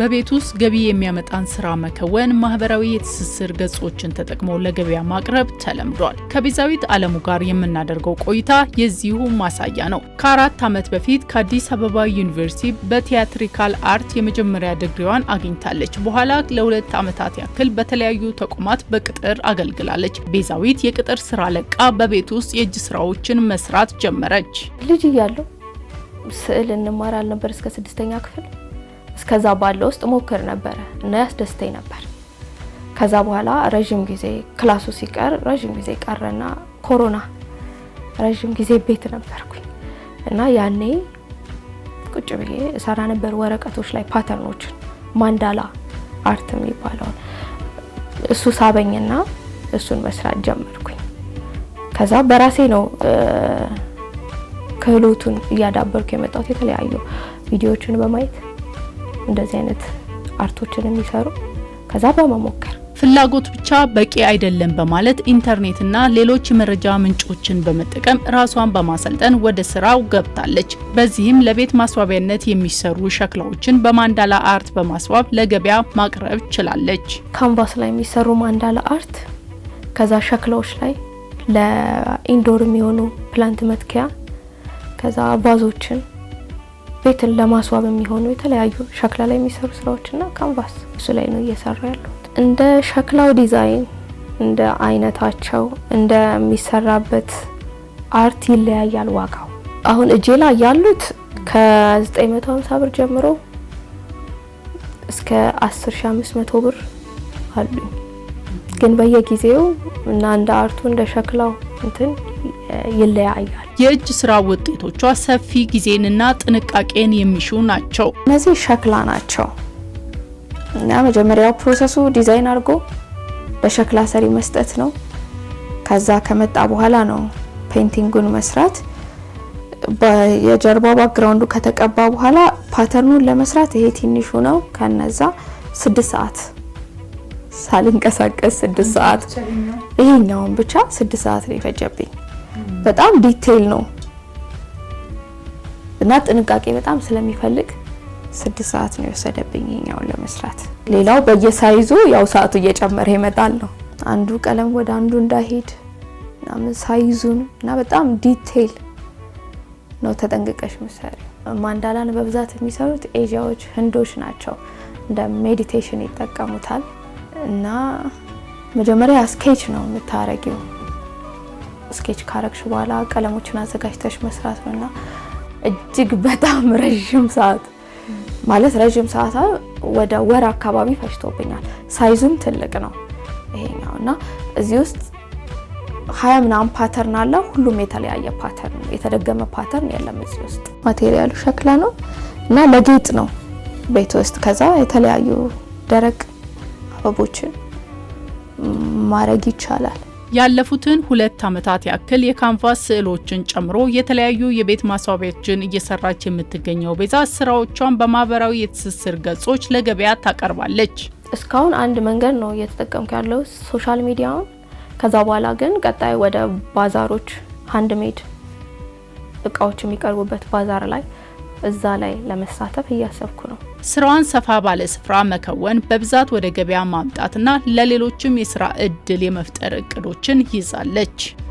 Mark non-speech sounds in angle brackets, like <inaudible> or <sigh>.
በቤት ውስጥ ገቢ የሚያመጣን ስራ መከወን ማህበራዊ የትስስር ገጾችን ተጠቅሞ ለገበያ ማቅረብ ተለምዷል። ከቤዛዊት አለሙ ጋር የምናደርገው ቆይታ የዚሁ ማሳያ ነው። ከአራት ዓመት በፊት ከአዲስ አበባ ዩኒቨርሲቲ በቲያትሪካል አርት የመጀመሪያ ድግሪዋን አግኝታለች። በኋላ ለሁለት ዓመታት ያክል በተለያዩ ተቋማት በቅጥር አገልግላለች። ቤዛዊት የቅጥር ስራ ለቃ በቤት ውስጥ የእጅ ስራዎችን መስራት ጀመረች። ልጅ እያለሁ ስዕል እንማራል ነበር እስከ ስድስተኛ ክፍል እስከዛ ባለው ውስጥ ሞክር ነበረ እና ያስደስተኝ ነበር። ከዛ በኋላ ረዥም ጊዜ ክላሱ ሲቀር ረዥም ጊዜ ቀረና ኮሮና ረዥም ጊዜ ቤት ነበርኩኝ እና ያኔ ቁጭ ብዬ እሰራ ነበር ወረቀቶች ላይ ፓተርኖችን ማንዳላ አርት የሚባለውን እሱ ሳበኝና እሱን መስራት ጀመርኩኝ። ከዛ በራሴ ነው ክህሎቱን እያዳበርኩ የመጣሁት የተለያዩ ቪዲዮዎችን በማየት እንደዚህ አይነት አርቶችን የሚሰሩ ከዛ በመሞከር ፍላጎት ብቻ በቂ አይደለም በማለት ኢንተርኔትና ሌሎች የመረጃ ምንጮችን በመጠቀም ራሷን በማሰልጠን ወደ ስራው ገብታለች። በዚህም ለቤት ማስዋቢያነት የሚሰሩ ሸክላዎችን በማንዳላ አርት በማስዋብ ለገበያ ማቅረብ ችላለች። ካንቫስ ላይ የሚሰሩ ማንዳላ አርት፣ ከዛ ሸክላዎች ላይ ለኢንዶር የሚሆኑ ፕላንት መትከያ፣ ከዛ ቫዞችን ቤትን ለማስዋብ የሚሆኑ የተለያዩ ሸክላ ላይ የሚሰሩ ስራዎች እና ካንቫስ እሱ ላይ ነው እየሰራ ያለሁት። እንደ ሸክላው ዲዛይን እንደ አይነታቸው እንደሚሰራበት አርት ይለያያል ዋጋው። አሁን እጄ ላይ ያሉት ከ950 ብር ጀምሮ እስከ 10500 ብር አሉ። ግን በየጊዜው እና እንደ አርቱ እንደ ሸክላው እንትን ይለያያል። የእጅ ስራ ውጤቶቿ ሰፊ ጊዜንና ጥንቃቄን የሚሹ ናቸው። እነዚህ ሸክላ ናቸው እና መጀመሪያው ፕሮሰሱ ዲዛይን አድርጎ በሸክላ ሰሪ መስጠት ነው። ከዛ ከመጣ በኋላ ነው ፔንቲንጉን መስራት። የጀርባ ባክግራውንዱ ከተቀባ በኋላ ፓተርኑን ለመስራት ይሄ ትንሹ ነው። ከነዛ ስድስት ሰዓት ሳልንቀሳቀስ ስድስት ሰዓት ይሄኛውን ብቻ ስድስት ሰዓት ነው የፈጀብኝ። በጣም ዲቴይል ነው እና ጥንቃቄ በጣም ስለሚፈልግ ስድስት ሰዓት ነው የወሰደብኝ ይሄኛውን ለመስራት። ሌላው በየሳይዙ ያው ሰዓቱ እየጨመረ ይመጣል ነው አንዱ ቀለም ወደ አንዱ እንዳይሄድ ምናምን ሳይዙን እና በጣም ዲቴይል ነው ተጠንቅቀሽ ምሰሪ። ማንዳላን በብዛት የሚሰሩት ኤዥያዎች፣ ህንዶች ናቸው። እንደ ሜዲቴሽን ይጠቀሙታል እና መጀመሪያ ስኬች ነው የምታረጊው ስኬች ካረግሽ በኋላ ቀለሞችን አዘጋጅተሽ መስራት ነውና እጅግ በጣም <laughs> ረዥም ሰዓት ማለት ረዥም ሰዓት ወደ ወር አካባቢ ፈጅቶብኛል። ሳይዙም ትልቅ ነው ይሄኛው እና እዚህ ውስጥ ሀያ ምናምን ፓተርን አለ። ሁሉም የተለያየ ፓተርን የተደገመ ፓተርን የለም እዚህ ውስጥ። ማቴሪያሉ ሸክላ ነው እና ለጌጥ ነው ቤት ውስጥ ከዛ የተለያዩ ደረቅ አበቦችን ማድረግ ይቻላል። ያለፉትን ሁለት ዓመታት ያክል የካንቫስ ስዕሎችን ጨምሮ የተለያዩ የቤት ማስዋቢያዎችን እየሰራች የምትገኘው ቤዛ ስራዎቿን በማህበራዊ የትስስር ገጾች ለገበያ ታቀርባለች። እስካሁን አንድ መንገድ ነው እየተጠቀምኩ ያለው ሶሻል ሚዲያውን። ከዛ በኋላ ግን ቀጣይ ወደ ባዛሮች፣ ሃንድሜድ እቃዎች የሚቀርቡበት ባዛር ላይ እዛ ላይ ለመሳተፍ እያሰብኩ ነው። ስራዋን ሰፋ ባለ ስፍራ መከወን፣ በብዛት ወደ ገበያ ማምጣትና ለሌሎችም የስራ እድል የመፍጠር እቅዶችን ይዛለች።